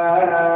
كان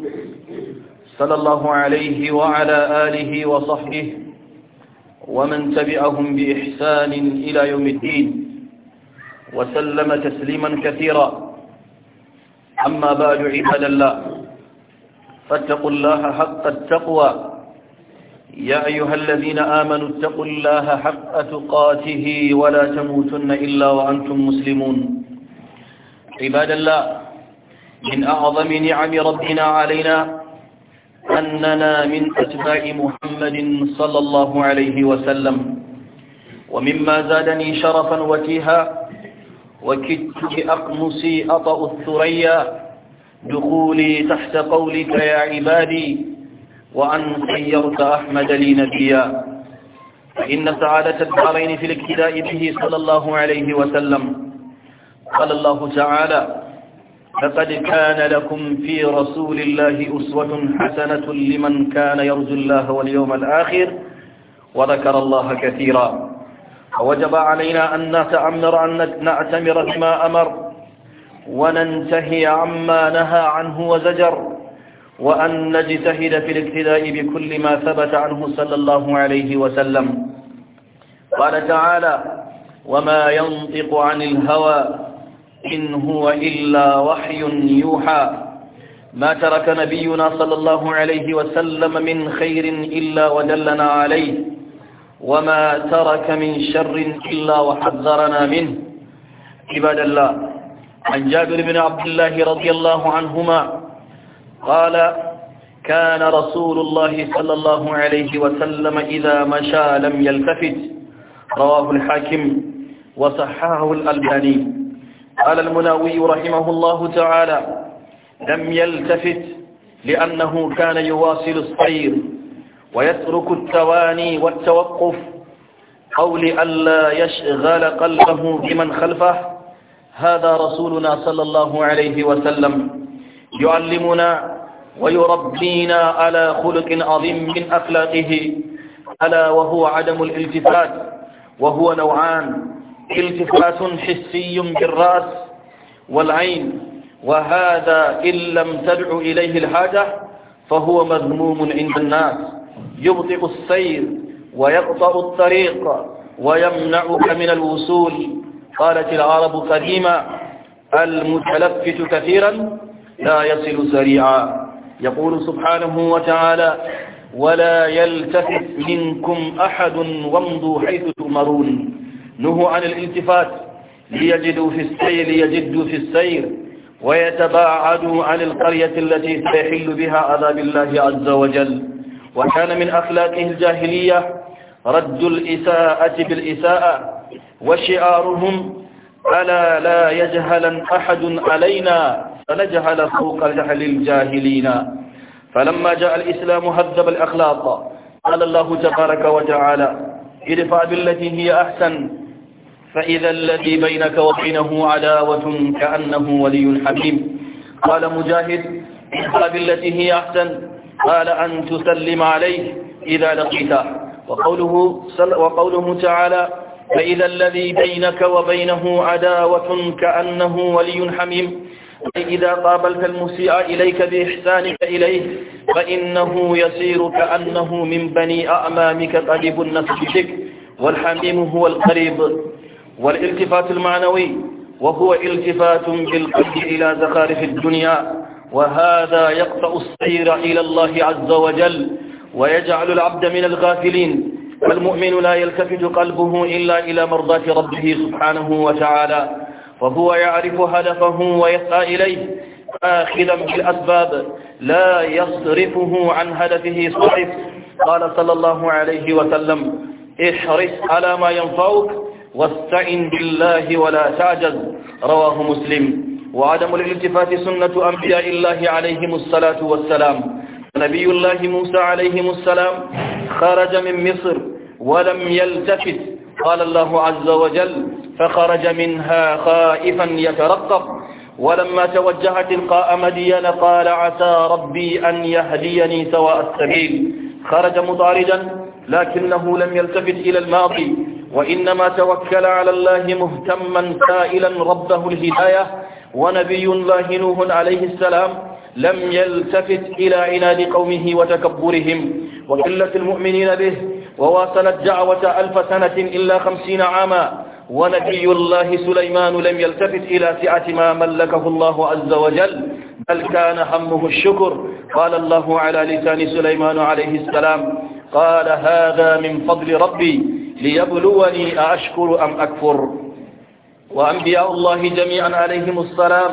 صلى الله عليه وعلى آله وصحبه ومن تبعهم بإحسان إلى يوم الدين وسلم تسليما كثيرا أما بعد عباد الله فاتقوا الله حق التقوى يا أيها الذين آمنوا اتقوا الله حق تقاته ولا تموتن إلا وأنتم مسلمون عباد الله من أعظم نعم ربنا علينا أننا من أتباع محمد صلى الله عليه وسلم ومما زادني شرفا وتيها وكدت بأقمصي أطأ الثريا دخولي تحت قولك يا عبادي وأن خيرت أحمد لي نبيا فإن سعادة الدارين في الاقتداء به صلى الله عليه وسلم قال الله تعالى لقد كان لكم في رسول الله أسوة حسنة لمن كان يرجو الله واليوم الآخر وذكر الله كثيرا وجب علينا أن نتأمر أن نعتمر بما أمر وننتهي عما نهى عنه وزجر وأن نجتهد في الاقتداء بكل ما ثبت عنه صلى الله عليه وسلم قال تعالى وما ينطق عن الهوى إن هو إلا وحي يوحى ما ترك نبينا صلى الله عليه وسلم من خير إلا ودلنا عليه وما ترك من شر إلا وحذرنا منه عباد الله عن جابر بن عبد الله رضي الله عنهما قال كان رسول الله صلى الله عليه وسلم إذا مشى لم يلتفت رواه الحاكم وصححه الألباني قال المناوي رحمه الله تعالى لم يلتفت لأنه كان يواصل الصير ويترك التواني والتوقف أو لئلا يشغل قلبه بمن خلفه هذا رسولنا صلى الله عليه وسلم يعلمنا ويربينا على خلق عظيم من أخلاقه ألا وهو عدم الالتفات وهو نوعان التفات حسي بالرأس والعين وهذا إن لم تدع إليه الحاجة فهو مذموم عند الناس يبطئ السير ويقطع الطريق ويمنعك من الوصول قالت العرب قديما المتلفت كثيرا لا يصل سريعا يقول سبحانه وتعالى ولا يلتفت منكم أحد وامضوا حيث تؤمرون نهوا عن الالتفات ليجدوا في السير ليجدوا في السير ويتباعدوا عن القرية التي سيحل بها عذاب الله عز وجل وكان من أخلاقه الجاهلية رد الإساءة بالإساءة وشعارهم ألا لا يجهل أحد علينا فنجهل فوق جهل الجاهلين فلما جاء الإسلام هذب الأخلاق قال الله تبارك وتعالى ادفع بالتي هي أحسن فإذا الذي بينك وبينه عداوة كأنه ولي حميم قال مجاهد اذهب التي هي أحسن قال أن تسلم عليه إذا لقيته وقوله, وقوله تعالى فإذا الذي بينك وبينه عداوة كأنه ولي حميم أي إذا قابلت المسيء إليك بإحسانك إليه فإنه يسير كأنه من بني أعمامك قريب النفس بك والحميم هو القريب والالتفات المعنوي وهو التفات بالقلب إلى زخارف الدنيا وهذا يقطع السير إلى الله عز وجل ويجعل العبد من الغافلين والمؤمن لا يلتفت قلبه إلا إلى مرضاة ربه سبحانه وتعالى وهو يعرف هدفه ويسعى إليه آخذا بالأسباب لا يصرفه عن هدفه صحف قال صلى الله عليه وسلم احرص على ما ينفعك واستعن بالله ولا تعجز رواه مسلم وعدم الالتفات سنة أنبياء الله عليهم الصلاة والسلام نبي الله موسى عليهم السلام خرج من مصر ولم يلتفت قال الله عز وجل فخرج منها خائفا يترقب ولما توجه تلقاء مدين قال عسى ربي أن يهديني سواء السبيل خرج مطاردا لكنه لم يلتفت إلى الماضي وإنما توكل على الله مهتما سائلا ربه الهداية ونبي الله نوح عليه السلام لم يلتفت إلى عناد قومه وتكبرهم وقلة المؤمنين به وواصلت دعوة ألف سنة إلا خمسين عاما ونبي الله سليمان لم يلتفت إلى سعة ما ملكه الله عز وجل بل كان همه الشكر قال الله على لسان سليمان عليه السلام قال هذا من فضل ربي ليبلوني أأشكر أم أكفر وأنبياء الله جميعا عليهم السلام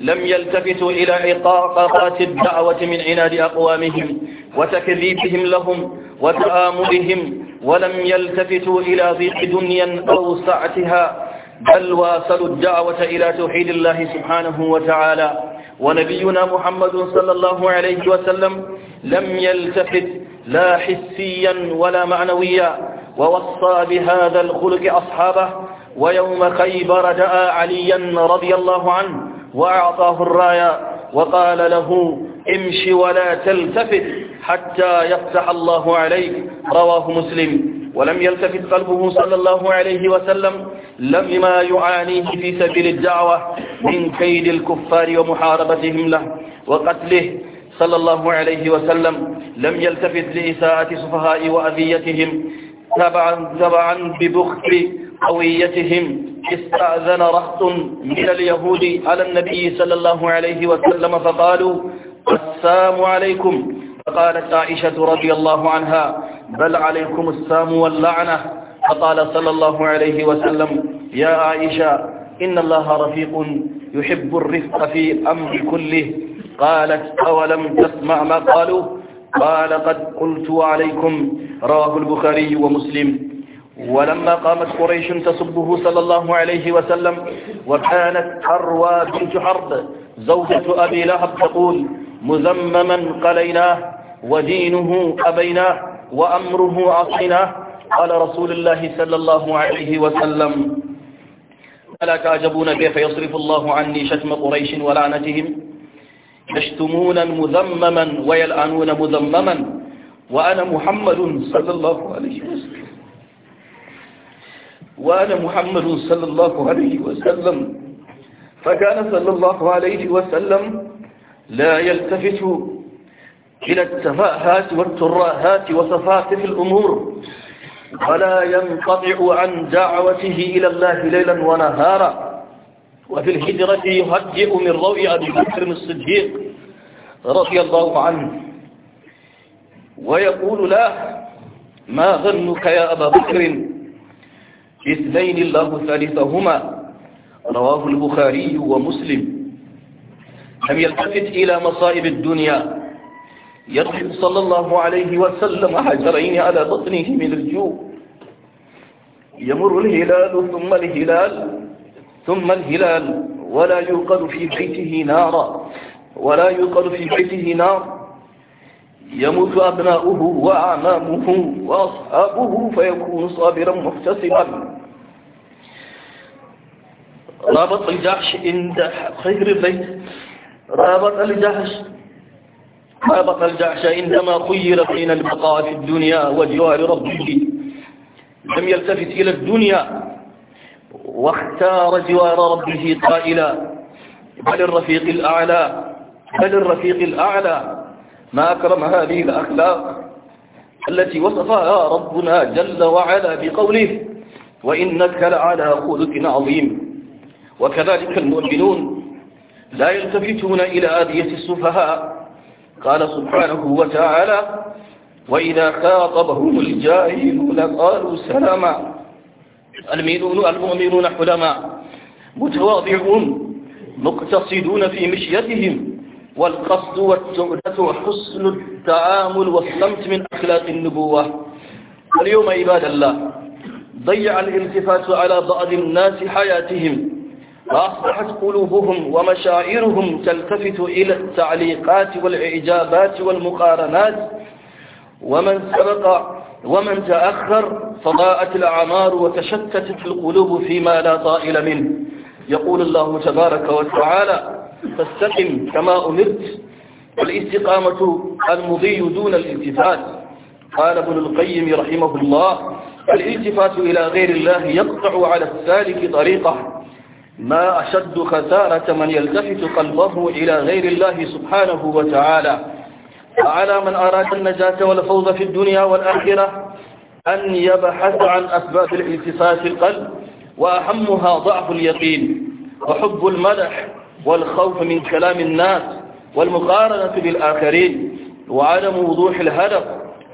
لم يلتفتوا إلى عقاقات الدعوة من عناد أقوامهم وتكذيبهم لهم وتآمرهم ولم يلتفتوا إلى ضيق دنيا أو سعتها بل واصلوا الدعوة إلى توحيد الله سبحانه وتعالى ونبينا محمد صلى الله عليه وسلم لم يلتفت لا حسيا ولا معنويا ووصى بهذا الخلق أصحابه ويوم خيبر جاء عليا رضي الله عنه وأعطاه الراية وقال له امش ولا تلتفت حتى يفتح الله عليك رواه مسلم ولم يلتفت قلبه صلى الله عليه وسلم لما يعانيه في سبيل الدعوة من كيد الكفار ومحاربتهم له وقتله صلى الله عليه وسلم لم يلتفت لإساءة سفهاء وأذيتهم تبعا تبعا ببخل قويتهم استأذن رهط من اليهود على النبي صلى الله عليه وسلم فقالوا السلام عليكم فقالت عائشة رضي الله عنها بل عليكم السام واللعنة فقال صلى الله عليه وسلم يا عائشة إن الله رفيق يحب الرفق في أمر كله قالت أولم تسمع ما قالوه قال قد قلت عليكم رواه البخاري ومسلم ولما قامت قريش تصبه صلى الله عليه وسلم وكانت حروى بنت حرب زوجة أبي لهب تقول مذمما قليناه ودينه أبيناه وأمره عصيناه قال رسول الله صلى الله عليه وسلم ألا تعجبون كيف يصرف الله عني شتم قريش ولعنتهم يشتمون مذمما ويلعنون مذمما وأنا محمد صلى الله عليه وسلم وأنا محمد صلى الله عليه وسلم فكان صلى الله عليه وسلم لا يلتفت إلى التفاهات والتراهات في الأمور ولا ينقطع عن دعوته إلى الله ليلا ونهارا وفي الهجرة يهجئ من روي أبي بكر الصديق رضي الله عنه ويقول له ما ظنك يا أبا بكر اثنين الله ثالثهما رواه البخاري ومسلم لم يلتفت إلى مصائب الدنيا يضرب صلى الله عليه وسلم حجرين على بطنه من الجوع يمر الهلال ثم الهلال ثم الهلال ولا يوقد في بيته نارا ولا يوقد في بيته نار يموت أبناؤه وأعمامه وأصحابه فيكون صابرا محتسبا رابط الجحش عند خير البيت رابط الجحش رابط الجحش عندما خير بين البقاء في الدنيا وجوار ربه لم يلتفت إلى الدنيا واختار جوار ربه قائلا بل الرفيق الأعلى بل الرفيق الأعلى ما أكرم هذه الأخلاق التي وصفها ربنا جل وعلا بقوله وإنك لعلى خلق عظيم وكذلك المؤمنون لا يلتفتون إلى آدية السفهاء قال سبحانه وتعالى وإذا خاطبهم الجاهلون قالوا سلاما المؤمنون المؤمنون حلماء متواضعون مقتصدون في مشيتهم والقصد والتعدة وحسن التعامل والصمت من أخلاق النبوة اليوم عباد الله ضيع الالتفات على بعض الناس حياتهم وأصبحت قلوبهم ومشاعرهم تلتفت إلى التعليقات والإعجابات والمقارنات ومن سبق ومن تأخر فضاءت الأعمار وتشتتت القلوب فيما لا طائل منه يقول الله تبارك وتعالى فاستقم كما أمرت والاستقامة المضي دون الالتفات قال ابن القيم رحمه الله الالتفات إلى غير الله يقطع على السالك طريقه ما أشد خسارة من يلتفت قلبه إلى غير الله سبحانه وتعالى على من أراد النجاة والفوز في الدنيا والآخرة أن يبحث عن أسباب الالتصاص القلب وأهمها ضعف اليقين وحب المدح والخوف من كلام الناس والمقارنة بالآخرين وعدم وضوح الهدف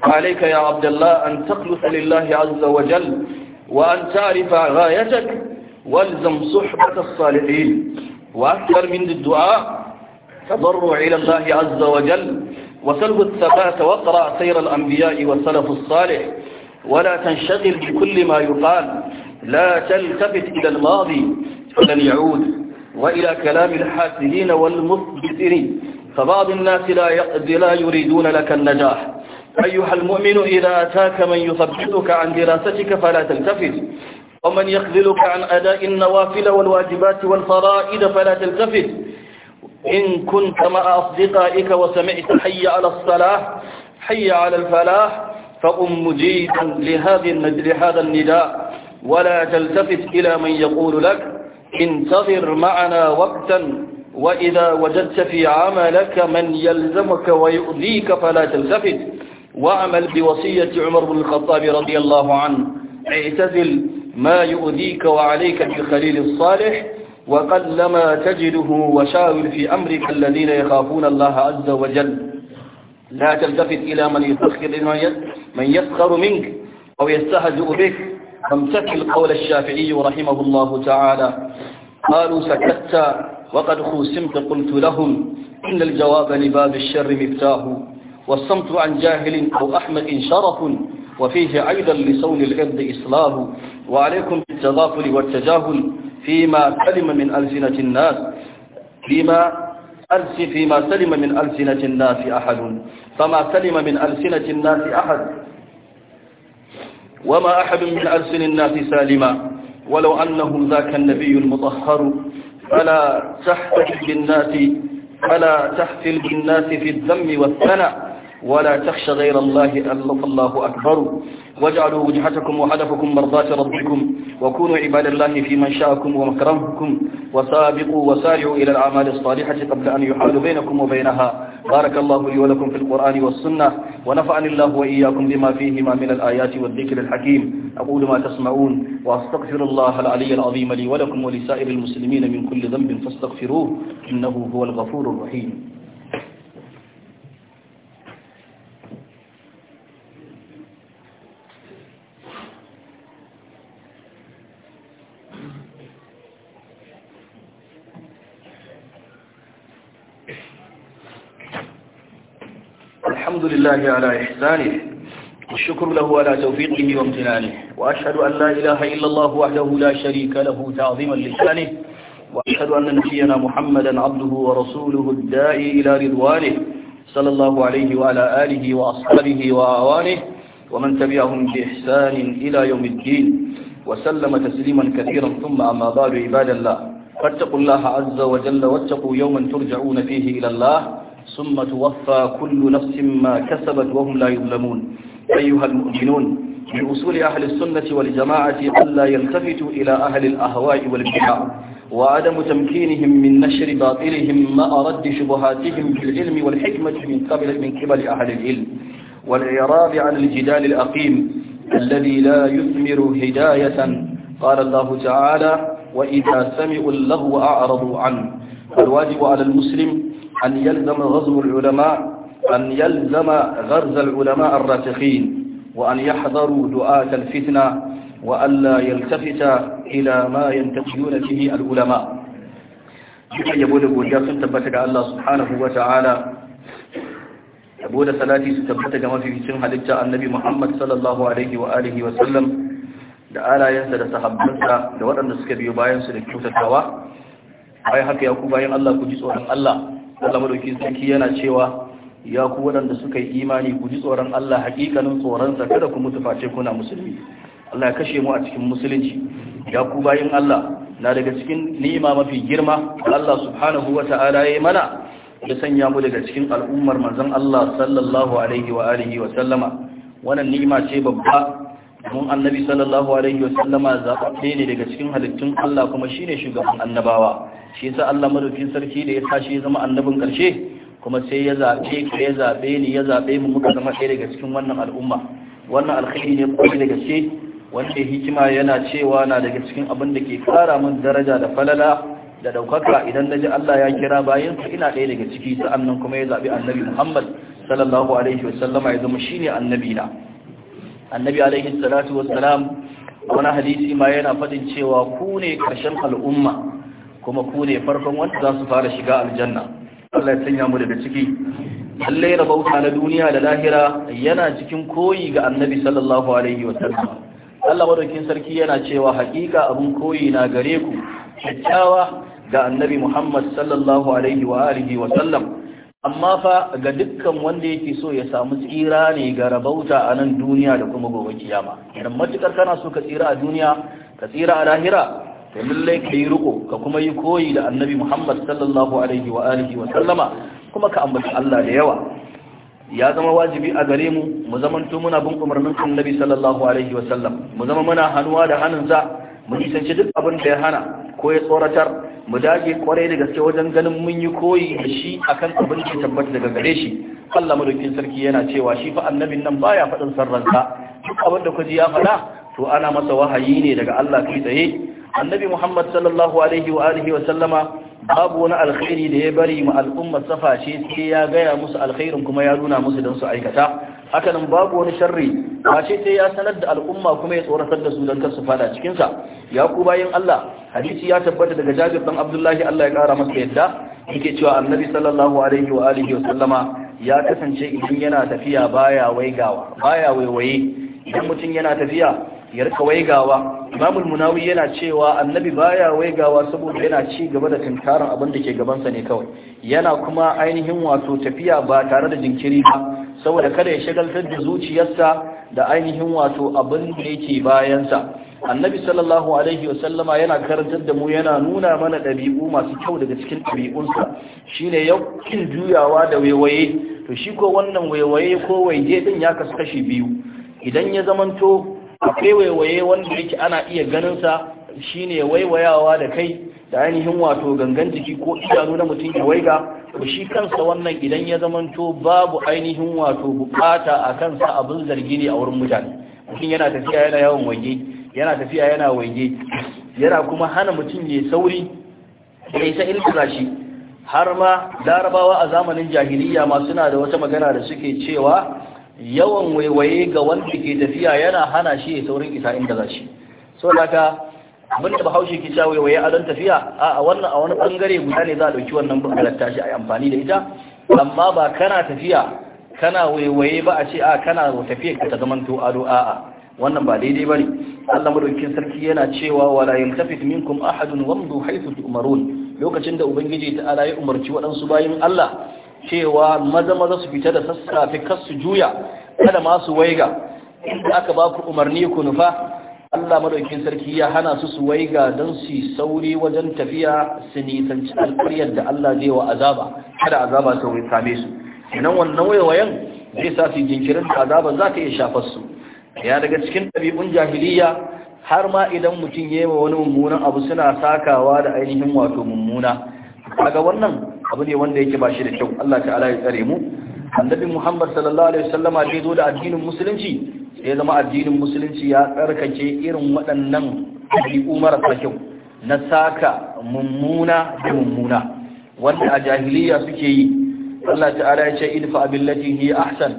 عليك يا عبد الله أن تخلص لله عز وجل وأن تعرف غايتك والزم صحبة الصالحين وأكثر من الدعاء تضرع إلى الله عز وجل وسلب الثبات واقرأ سير الأنبياء والسلف الصالح ولا تنشغل بكل ما يقال لا تلتفت إلى الماضي فلن يعود وإلى كلام الحاسدين والمثبتين فبعض الناس لا لا يريدون لك النجاح أيها المؤمن إذا أتاك من يثبتك عن دراستك فلا تلتفت ومن يخذلك عن أداء النوافل والواجبات والفرائض فلا تلتفت إن كنت مع أصدقائك وسمعت حي على الصلاة حي على الفلاح فقم مجيدا لهذا النداء ولا تلتفت إلى من يقول لك انتظر معنا وقتا وإذا وجدت في عملك من يلزمك ويؤذيك فلا تلتفت واعمل بوصية عمر بن الخطاب رضي الله عنه اعتزل ما يؤذيك وعليك بالخليل الصالح وقلما تجده وشاور في أمرك الذين يخافون الله عز وجل لا تلتفت إلى من يسخر من يسخر منك أو يستهزئ بك فامسك القول الشافعي رحمه الله تعالى قالوا سكت وقد خوسمت قلت لهم إن الجواب لباب الشر مفتاه والصمت عن جاهل أو أحمد شرف وفيه أيضا لصون العرض إصلاه وعليكم بالتغافل والتجاهل فيما سلم من ألسنة الناس فيما فيما سلم من ألسنة الناس أحد فما سلم من ألسنة الناس أحد وما أحد من ألسن الناس سالما ولو أنهم ذاك النبي المطهر فلا تحتفل بالناس فلا تحتل بالناس في الذم والثنى ولا تخش غير الله ألف الله أكبر واجعلوا وجهتكم وهدفكم مرضاة ربكم وكونوا عباد الله في من شاءكم ومكرمكم وسابقوا وسارعوا إلى العمال الصالحة قبل أن يحال بينكم وبينها بارك الله لي ولكم في القرآن والسنة ونفعني الله وإياكم بما فيهما من الآيات والذكر الحكيم أقول ما تسمعون وأستغفر الله العلي العظيم لي ولكم ولسائر المسلمين من كل ذنب فاستغفروه إنه هو الغفور الرحيم الحمد لله على إحسانه والشكر له على توفيقه وامتنانه وأشهد أن لا إله إلا الله وحده لا شريك له تعظيما لسانه وأشهد أن نبينا محمدا عبده ورسوله الداعي إلى رضوانه صلى الله عليه وعلى آله وأصحابه وأعوانه ومن تبعهم بإحسان إلى يوم الدين وسلم تسليما كثيرا ثم أما بعد عباد الله فاتقوا الله عز وجل واتقوا يوما ترجعون فيه إلى الله ثم توفى كل نفس ما كسبت وهم لا يظلمون أيها المؤمنون من أصول أهل السنة والجماعة أن لا يلتفتوا إلى أهل الأهواء والبدع وعدم تمكينهم من نشر باطلهم ما أرد شبهاتهم العلم والحكمة من قبل من قبل أهل العلم والإعراض عن الجدال الأقيم الذي لا يثمر هداية قال الله تعالى وإذا سمعوا اللغو أعرضوا عنه الواجب على المسلم أن يلزم غزو العلماء أن يلزم غرز العلماء الراسخين وأن يحذروا دعاة الفتنة وألا يلتفت إلى ما ينتقيون به العلماء duka yabo da godiya sun tabbata ga Allah subhanahu wa ta'ala yabo da salati su tabbata ga mafificin halitta annabi Muhammad sallallahu da alayansa da sahabbansa da waɗanda suka biyo bayan su da kyautatawa ai haka ya ku Allah ku ji tsoron Allah Allah madauki sarki yana cewa ya ku waɗanda suka yi imani ku ji tsoron Allah hakikanin tsoronsa kada ku mutu face kuna musulmi Allah ya kashe mu a cikin musulunci ya ku bayin Allah na daga cikin ni'ima mafi girma Allah subhanahu wa ta'ala ya mana ya sanya mu daga cikin al'ummar manzon Allah sallallahu alaihi wa alihi wa sallama wannan ni'ima ce babba mun annabi sallallahu alaihi wasallama zaɓaɓɓe ne daga cikin halittun Allah kuma ne shugaban annabawa shi yasa Allah madaukin sarki da ya tashi zama annabin ƙarshe kuma sai ya zaɓe ya zaɓe ni ya zaɓe mu muka zama ɗaya daga cikin wannan al'umma wannan alkhairi ne kuma daga ce wanda hikima yana cewa na daga cikin abin da ke kara min daraja da falala da ɗaukaka idan na ji Allah ya kira bayan su ina ɗaya daga ciki sa'annan kuma ya zaɓi annabi Muhammad sallallahu alaihi wasallama ya zama shine na annabi alaihi salatu wassalam wani hadisi ma yana fadin cewa ku ne karshen al'umma kuma ku ne farkon wanda za su fara shiga aljanna Allah ya sanya mu daga ciki lalle bauta na duniya da lahira yana cikin koyi ga annabi sallallahu alaihi wasallam Allah madaukin sarki yana cewa hakika abun koyi na gare ku kyakkyawa ga annabi Muhammad sallallahu alaihi wa alihi wa sallam amma fa ga dukkan wanda yake so ya samu tsira ne ga rabauta a nan duniya da kuma gobe kiyama idan matukar kana so ka tsira a duniya ka tsira a lahira ka lallai ka yi riko ka kuma yi koyi da annabi Muhammad sallallahu alaihi wa alihi wa sallama kuma ka ambaci Allah da yawa ya zama wajibi a gare mu mu zamanto muna bin umarnin annabi sallallahu alaihi wa sallam mu zama muna hannuwa da hannunsa mu nisanci duk abin da ya hana ko ya tsoratar mu dage kwarai da gaske wajen ganin mun yi koyi da shi akan abin da tabbata daga gare shi Allah madaukin sarki yana cewa shi fa annabin nan baya faɗin sarransa duk abin da ji ya faɗa to ana masa wahayi ne daga Allah kai tsaye annabi Muhammad sallallahu alaihi wa alihi wa sallama babu wani alkhairi da ya bari ma al'umma safa ce sai ya gaya musu alkhairin kuma ya nuna musu don su aikata hakanan babu wani sharri face sai ya sanar da al'umma kuma ya tsoratar da su don kar su fada cikin sa ya ku bayin Allah hadisi ya tabbata daga Jabir dan Abdullahi Allah ya kara masa yadda yake cewa Annabi sallallahu alaihi wa alihi wa sallama ya kasance idan yana tafiya baya waigawa baya waiwaye idan mutum yana tafiya yarka waigawa imamul munawi yana cewa annabi baya waigawa saboda yana ci gaba da tunkarin abin da ke gabansa ne kawai yana kuma ainihin wato tafiya ba tare da jinkiri ba saboda kada ya shagaltar da zuciyarsa da ainihin wato abin da yake bayansa annabi sallallahu alaihi wasallama yana karantar da mu yana nuna mana ɗabi'u masu kyau daga cikin ɗabi'unsa shine yakin juyawa da waiwaye to shi ko wannan waiwaye ko waige din ya kasu kashi biyu idan ya zamanto akwai waiwaye wanda yake ana iya ganin sa shine waiwayawa da kai da ainihin wato gangan jiki ko idanu na mutum ya waiga to shi kansa wannan idan ya zamanto babu ainihin wato bukata a kansa abin zargi ne a wurin mutane mutum yana tafiya yana yawon wange yana tafiya yana wange yana kuma hana mutum ya sauri ya isa ilkira shi har ma larabawa a zamanin jahiliya ma suna da wata magana da suke cewa yawan waiwaye ga wanda ke tafiya yana hana shi saurin isa inda za shi so daga abin da bahaushe ke cewa waiwaye a don tafiya a wannan a wani bangare guda ne za a dauki wannan bukalar tashi a amfani da ita amma ba kana tafiya kana waiwaye ba a ce a kana tafiya ka ta zaman zamanto ado a'a wannan ba daidai bane Allah madaukakin sarki yana cewa wala min minkum ahadun wamdu haythu tu'marun lokacin da ubangiji ta ala ya umarci waɗansu bayin Allah cewa maza maza su fita da sassafi kas su juya kada masu waiga inda aka ba ku umarni ku nufa Allah madaukin sarki ya hana su su waiga don su sauri wajen tafiya su nisanci alƙaryar da Allah zai wa azaba kada azaba ta wai same su nan wannan waiwayen zai sa su jinkirin da azaba za ta iya shafar su ya daga cikin ɗabi'un jahiliya har ma idan mutum ya yi wa wani mummunan abu suna sakawa da ainihin wato mummuna kaga wannan abu ne wanda yake ba shi da kyau Allah ta'ala ya tsare mu annabi Muhammad sallallahu alaihi wasallama da zo da addinin musulunci sai zama addinin musulunci ya tsarkake irin waɗannan 'umar marasa kyau na saka mummuna da mummuna wanda a jahiliya suke yi Allah ta'ala ya ce idfa billati hi ahsan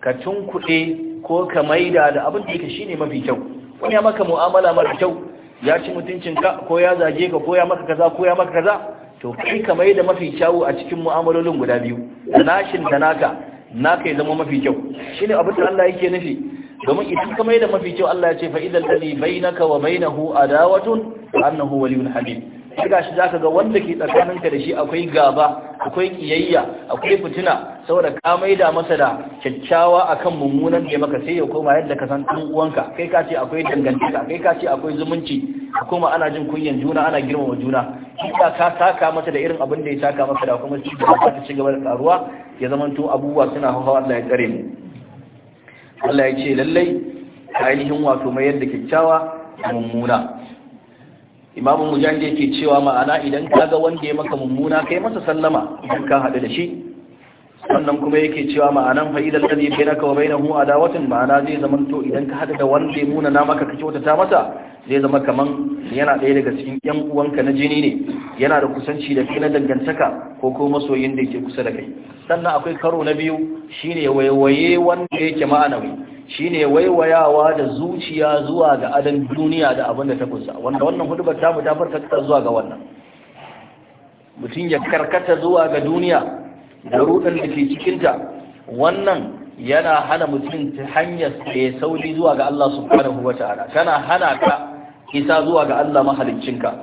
ka tunkuɗe ko ka maida da abin da yake shine mafi kyau wani ya maka mu'amala mara kyau ya ci mutuncinka ko ya zage ka ko ya maka kaza ko ya maka kaza to kai ka mai da mafi kyawu a cikin mu'amalolin guda biyu da nashin da naka naka ya zama mafi kyau shine abin da Allah yake nufi domin idan ka mai da mafi kyau Allah ya ce fa idan ladhi bainaka wa bainahu adawatun annahu waliyyun habib shiga shi zaka ga wanda ke tsakanin ka da shi akwai gaba akwai kiyayya akwai fitina saboda ka maida masa da kyakkyawa akan mummunan da maka sai ya koma yadda ka san ɗan uwanka kai ka ce akwai dangantaka kai ka ce akwai zumunci kuma ana jin kunyan juna ana girmama juna kika ka taka masa da irin abin da ya taka masa da kuma shi da ka ci gaba da karuwa ya zamanto abubuwa suna hawa Allah ya tsare mu Allah ya ce lallai ainihin wato mai yadda kyakkyawa mummuna imamu mujahid yake cewa ma'ana idan ka ga wanda ya maka mummuna kai masa sallama idan ka haɗu da shi sannan kuma yake cewa ma'anan fa'idar da zai bayyana wa bayyana hu adawatin ma'ana zai zama to idan ka haɗu da wanda ya muna na maka ka ta masa zai zama kaman yana ɗaya daga cikin 'yan uwanka na jini ne yana da kusanci da kai na dangantaka ko kuma masoyin da yake kusa da kai sannan akwai karo na biyu shine waye-waye wanda yake ma'anawi shine waiwayawa da zuciya zuwa ga adan duniya da abin da ta kusa wanda wannan hudubar tamu ta farkata zuwa ga wannan mutum ya karkata zuwa ga duniya da rudin da ke cikinta wannan yana hana mutum ta hanyar ya sauri zuwa ga Allah subhanahu wataala tana hana ka isa zuwa ga Allah mahaliccinka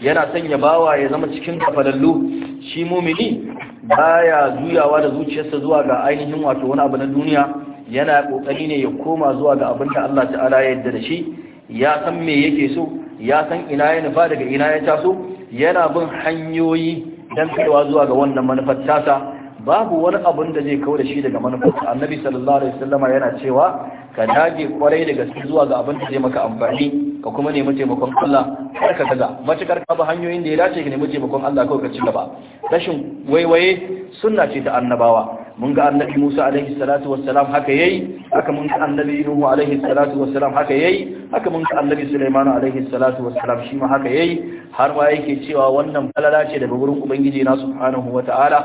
yana sanya bawa ya zama cikin kafalallu shi mumini baya juyawa da zuciyarsa zuwa ga ainihin wato wani abu na duniya yana kokari ne ya koma zuwa ga abin da Allah ta'ala ya yarda da shi ya san me yake so ya san ina ya nufa daga ina ya taso yana bin hanyoyi dan kaiwa zuwa ga wannan manufar tasa babu wani abin da zai kawo da shi daga manufar annabi sallallahu alaihi wasallama yana cewa ka dage kwarai daga su zuwa ga abin da zai maka amfani ka kuma nemi taimakon Allah kar ka kaza matukar ka ba hanyoyin da ya dace ka nemi taimakon Allah kawai ka ci gaba rashin waiwaye sunna ce ta annabawa mun ga annabi Musa alaihi salatu wassalam haka yayi haka mun ga annabi Nuhu alaihi salatu wassalam haka yayi haka mun ga annabi Sulaiman alaihi salatu wassalam shi ma haka yayi har ma yake cewa wannan falala ce daga gurin ubangiji na subhanahu wataala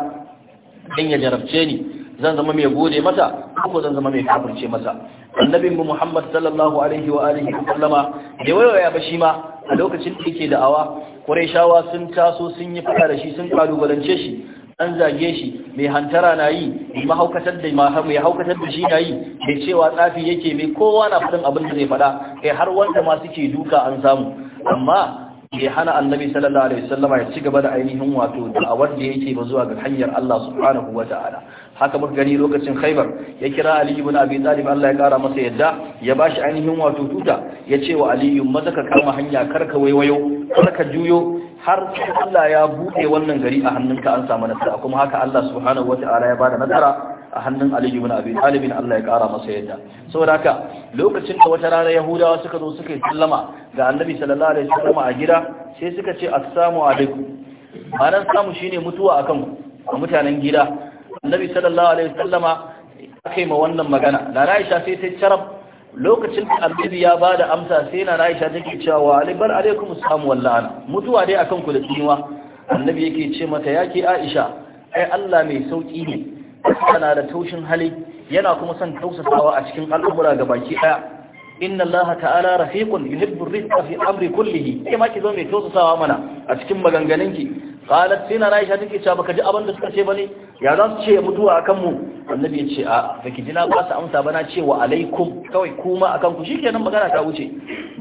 din ya jarabce ni zan zama mai gode mata ko zan zama mai kafirce masa annabin mu Muhammad sallallahu alaihi wa alihi sallama da wayaya ba shi ma a lokacin da yake da'awa Qurayshawa sun taso sun yi fada da shi sun kalubalance shi an zage shi mai hantara na yi mai haukatar da mai haukatar da shi na yi mai cewa tsafi yake mai kowa na fadin abin da zai fada kai har wanda ma suke duka an samu amma bai hana annabi sallallahu alaihi wasallama ya ci gaba da ainihin wato da'awar da yake ba zuwa ga hanyar Allah subhanahu ta'ala haka muka gani lokacin Khaibar ya kira Ali ibn Abi Talib Allah ya kara masa yadda ya bashi ainihin wato tuta ya ce wa Ali maza ka kama hanya karka waiwayo karka juyo har Allah ya buɗe wannan gari a hannunka an samu nasara kuma haka Allah subhanahu wata'ala ya bada nasara a hannun Ali bin Abi Talib Allah ya kara masa yadda saboda haka lokacin da wata rana Yahudawa suka zo suka yi sallama ga Annabi sallallahu alaihi wasallam a gida sai suka ce assalamu alaikum ma'anar samu shine mutuwa akan ku a mutanen gida Annabi sallallahu alaihi wasallama akai ma wannan magana da Aisha sai ta carab lokacin da annabi ya bada amsa sai na Aisha take cewa bar alaikum assalam wallahi mutuwa dai akan ku da tsinuwa annabi yake ce mata yake Aisha ai Allah mai sauki ne yana da taushin hali yana kuma son tausasawa a cikin al'umura ga baki daya inna Allah ta'ala rafiqun yuhibbu ar-rifqa fi amri kullihi kai ma ki zo mai tausasawa mana a cikin maganganunki qalat sina Aisha take cewa baka ji abin da suka ce bane ya za su ce mutuwa akan mu annabi ya ce a baki ji na ba su amsa bana ce wa alaikum kawai kuma akan ku shikenan magana ta wuce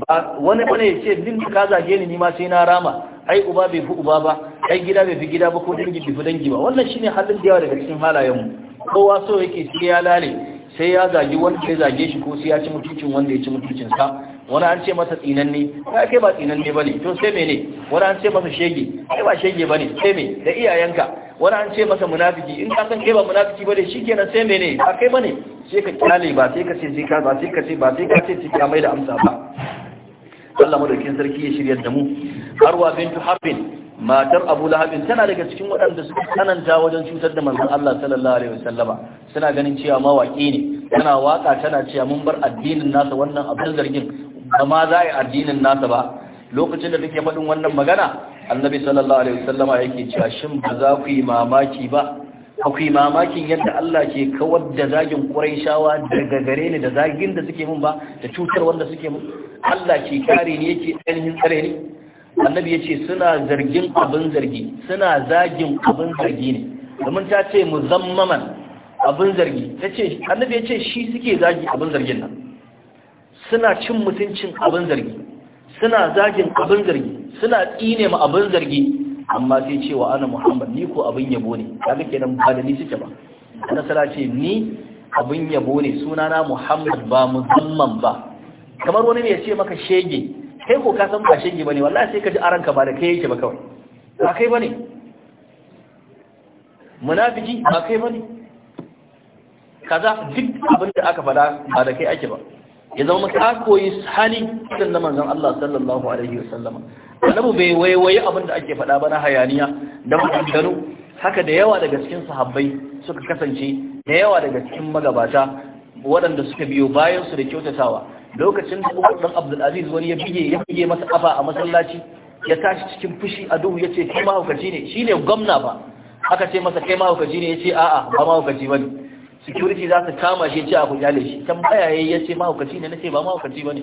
ba wani bane ya ce din ka zage ni ni ma sai na rama ai uba bai fi uba ba ai gida bai fi gida ba ko dangi bai fi dangi ba wannan shine halin da yawa daga cikin halayen mu kowa so yake sai ya lale sai ya zagi wanda ya zage shi ko sai ya ci mutuncin wanda ya ci sa wani an ce masa tsinanne ya kai ba tsinanne ba ne to sai mene wani an ce masa shege kai ba shege ba ne sai me da iyayenka wani an ce masa munafiki in ka san kai ba munafiki ba ne shikenan sai mene ba kai ba ne sai ka kyale ba sai ka ce sai ka ba sai ka ce ba sai ka ce sai ka mai da amsa ba Allah madaukin sarki ya shirya da mu harwa bintu harbin matar abu lahabin tana daga cikin waɗanda suka tsananta wajen cutar da manzan Allah sallallahu alaihi wasallama suna ganin cewa mawaƙi ne tana waka tana cewa mun bar addinin nasa wannan abin zargin ba ma za a yi addinin nasa ba lokacin da take faɗin wannan magana annabi sallallahu alaihi wasallama yake cewa shin ba za ku yi mamaki ba akwai mamakin yadda Allah ke kawar da zagin Qurayshawa daga gare ni da zagin da suke mun ba da cutar wanda suke mun Allah ke kare ni yake ainihin tsare ni annabi ya ce suna zargin abin zargi suna zagin abin zargi ne domin ta ce muzammaman abin zargi ta ce annabi ya ce shi suke zagi abin zargin nan suna cin mutuncin abin zargi suna zagin abin zargi suna tsine ma abin zargi amma sai ce wa ana muhammad ni ko abin yabo ne ga kenan ba da ni suke ba nasara ce ni abin yabo ne sunana muhammad ba muzamman ba kamar wani ne ya ce maka shege kai ko ka san ba shege bane wallahi sai ka ji aranka ba da kai yake ba kawai ba kai bane munafiki ba kai bane kaza duk abin da aka fada ba da kai ake ba ya zama ka koyi hali kan na manzon Allah sallallahu alaihi wasallama annabi bai waiwaye abin da ake fada ba na hayaniya da maganganu haka da yawa daga cikin sahabbai suka kasance da yawa daga cikin magabata waɗanda suka biyo bayan su da kyautatawa lokacin da Umar dan Abdul Aziz wani ya bige ya bige masa kafa a masallaci ya tashi cikin fushi a duhu yace kai ma hukaji ne shine gwamna ba aka ce masa kai ma hukaji ne yace a'a ba ma hukaji bane security za su kama shi ce a ku ne shi tambaya yayi yace ma hukaji ne nace ba ma hukaji bane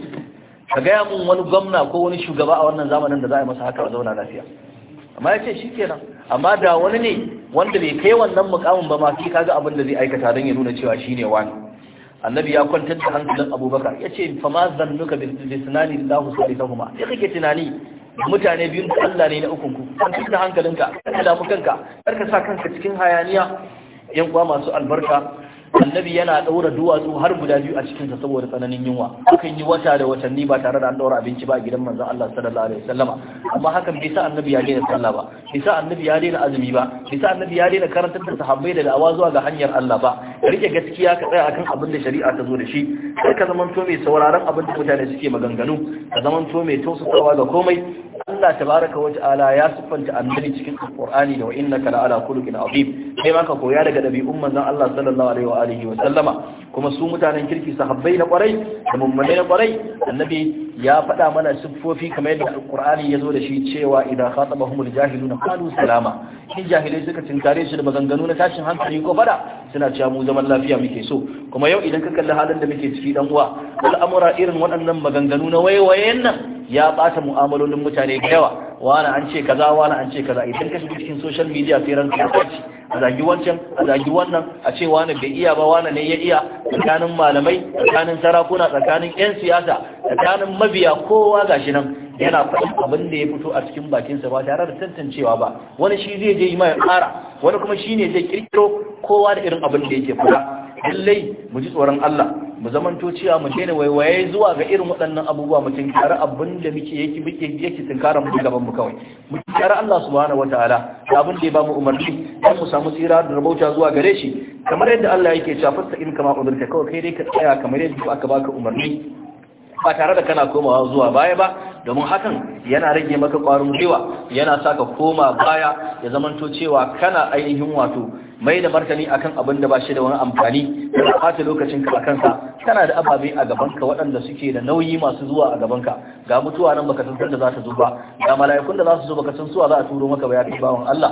ka gaya mun wani gwamna ko wani shugaba a wannan zamanin da za a yi masa haka a zauna lafiya amma ya shi kenan amma da wani ne wanda bai kai wannan mukamin ba ma sai kaga abin da zai aikata don ya nuna cewa shine wani annabi ya kwantar da hankalin abubakar ya ce fama zannuka bisinani da lahu sai ta kuma ya kake tunani mutane biyun Allah ne na ukun ku kwantar da hankalinka ka damu kanka karka ka sa kanka cikin hayaniya yan kwa masu albarka annabi yana ɗaura duwatsu har guda biyu a cikinsa saboda tsananin yunwa akan yi wata da watanni ba tare da an ɗaura abinci ba a gidan manzon Allah sallallahu alaihi wasallama amma hakan bai sa annabi ya daina sallah ba bai sa annabi ya daina azumi ba bai sa annabi ya daina karantar da sahabbai da da'awa zuwa ga hanyar Allah ba rike gaskiya ka tsaya akan abin da shari'a ta zo da shi sai ka zamanto mai sauraron abin da mutane suke maganganu ka zamanto mai tausasawa ga komai Allah tabaraka wata ala ya siffanta annabi cikin alqur'ani da wa innaka la'ala khuluqin azim Sai ma ka koya daga dabi'un manzon Allah sallallahu alaihi wa alihi wa sallama kuma su mutanen kirki sahabbai na kwarai da mummune na ƙwarai. annabi ya faɗa mana siffofi kamar yadda alqur'ani ya zo da shi cewa idan khatabahumul jahiluna qalu salama in jahilai suka tinkare shi da maganganu na tashin hankali ko faɗa. suna cewa mu zaman lafiya muke so kuma yau idan ka kalli halin da muke ciki dan uwa amura irin waɗannan maganganu na waiwayen nan ya bata mu'amalolin mutane da yawa wani an ce kaza wani an ce kaza idan ka shiga cikin social media sai ran ka ci a zagi wancan a zagi wannan a ce wani bai iya ba wani ne ya iya tsakanin malamai tsakanin sarakuna tsakanin yan siyasa tsakanin mabiya kowa gashi nan yana faɗin abin da ya fito a cikin bakinsa ba tare da tantancewa ba wani shi zai je yi mai ƙara wani kuma shi ne zai kirkiro kowa da irin abin da yake fura lallai mu ji tsoron Allah mu zamanto cewa mu daina waiwaye zuwa ga irin waɗannan abubuwa mu tinkara abin da muke yake muke yake tinkara mu gaban mu kawai mu tinkara Allah subhanahu wataala da abin da ya ba mu umarni dan mu samu tsira da rabauta zuwa gare shi kamar yadda Allah yake cewa fasta in kama umarta kawai kai dai ka tsaya kamar yadda aka baka umarni ba tare da kana komawa zuwa baya ba domin hakan yana rage maka ƙwarin gwiwa yana saka koma baya ya zamanto cewa kana ainihin wato mai da martani akan abin da ba shi da wani amfani da ɓata lokacin ka akan sa kana da ababe a gaban ka waɗanda suke da nauyi masu zuwa a gaban ka ga mutuwa nan baka san da za ta zo ba ga mala'ikun da za su zo baka san suwa za a turo maka ba ya Allah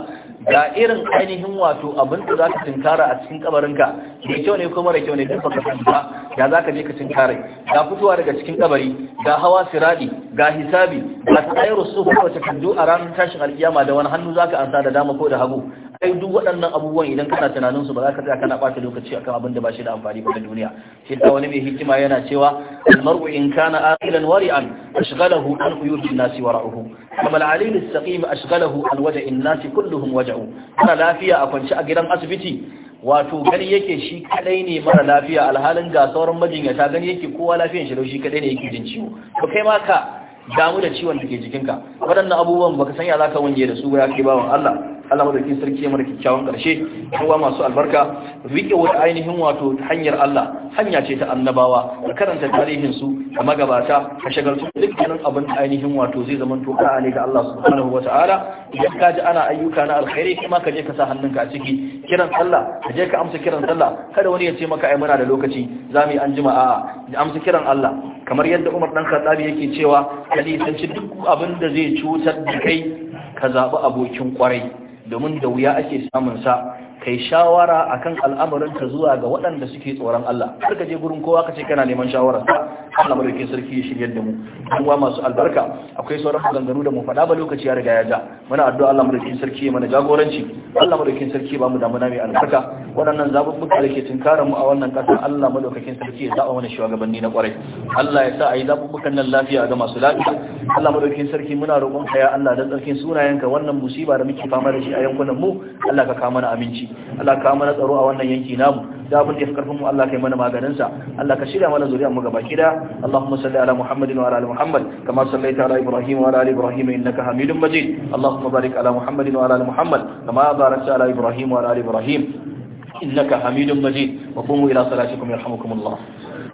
ga irin ainihin wato abin da za ka tinkara a cikin kabarin ka mai kyau ne ko mara kyau ne duk baka san ba ya za ka je ka tinkare ga fitowa daga cikin kabari ga hawa siradi ga hisabi ga tsayar su ko wata kando a ranar tashin alkiyama da wani hannu zaka ansa da dama ko da hagu ai duk waɗannan abubuwan idan kana tunanin su ba za ka tsaya kana ɓata lokaci akan abin da ba shi da amfani ba da duniya shi ta wani mai hikima yana cewa almar'u in kana aqilan wari'an ashghalahu an uyubi nasi wara'uhu kama al'alil as-saqim ashghalahu an waja'in nasi kulluhum waja'u kana lafiya a kwance a gidan asibiti wato gani yake shi kadai ne mara lafiya alhalin ga sauran majinyata gani yake kowa lafiyan shi shi kadai ne yake jin ciwo to kai ma ka damu da ciwon da ke jikinka waɗannan abubuwan baka sanya za ka wanye da su ya kai bawan Allah Allah madaukin sarki ya mara kyakkyawan karshe kowa masu albarka rike wata ainihin wato hanyar Allah hanya ce ta annabawa ka karanta tarihin su da magabata ka shagaltu dukkanin abin ainihin wato zai zama to ka ne ga Allah subhanahu wataala idan ka ji ana ayyuka na alkhairi kuma ka je ka sa hannunka a ciki kiran sallah ka je ka amsa kiran sallah kada wani ya ce maka ai muna da lokaci zamu yi an jima'a da amsa kiran Allah kamar yadda Umar dan Khattabi yake cewa kali san duk abin da zai cutar da kai ka zaɓi abokin kwarai domin da wuya ake samun sa kai shawara akan al'amarin ka zuwa ga waɗanda suke tsoron Allah kar ka je gurin kowa ka ce kana neman shawara Allah madaukin sarki ya shirya da mu kuma masu albarka akwai sauran maganganu da mu faɗa ba lokaci ya riga ya ja muna addu'a Allah madaukin sarki ya mana jagoranci Allah madaukin sarki ba mu damuna mai albarka waɗannan zabubbuka da ke tunkara mu a wannan ƙasa Allah madaukakin sarki ya zaɓa mana shugabanni na ƙwarai Allah ya sa a yi zaɓuɓɓukan nan lafiya ga masu lafiya Allah madaukin sarki muna roƙon ka ya Allah da tsarkin sunayenka wannan musiba da muke fama da shi a yankunan mu Allah ka kawo mana aminci Allah ka mana tsaro a wannan yanki namu da abin karfin mu Allah kai mana maganinsa Allah ka shirya mana zuriya mu gaba kida اللهم صل على محمد وعلى ال محمد كما صليت على ابراهيم وعلى ال ابراهيم انك حميد مجيد اللهم بارك على محمد وعلى ال محمد كما باركت على ابراهيم وعلى ال ابراهيم إنك حميد مجيد وقوموا إلى صلاتكم يرحمكم الله